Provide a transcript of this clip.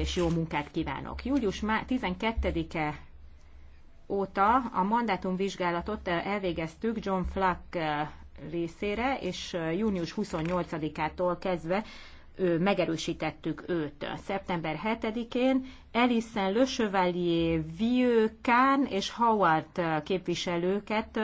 és jó munkát kívánok. Július 12-e óta a mandátumvizsgálatot eh, elvégeztük John Flack eh, részére, és eh, június 28-ától kezdve ő, megerősítettük őt. Szeptember 7-én Elisen Le Chevalier, Vieux, Kahn és Howard képviselőket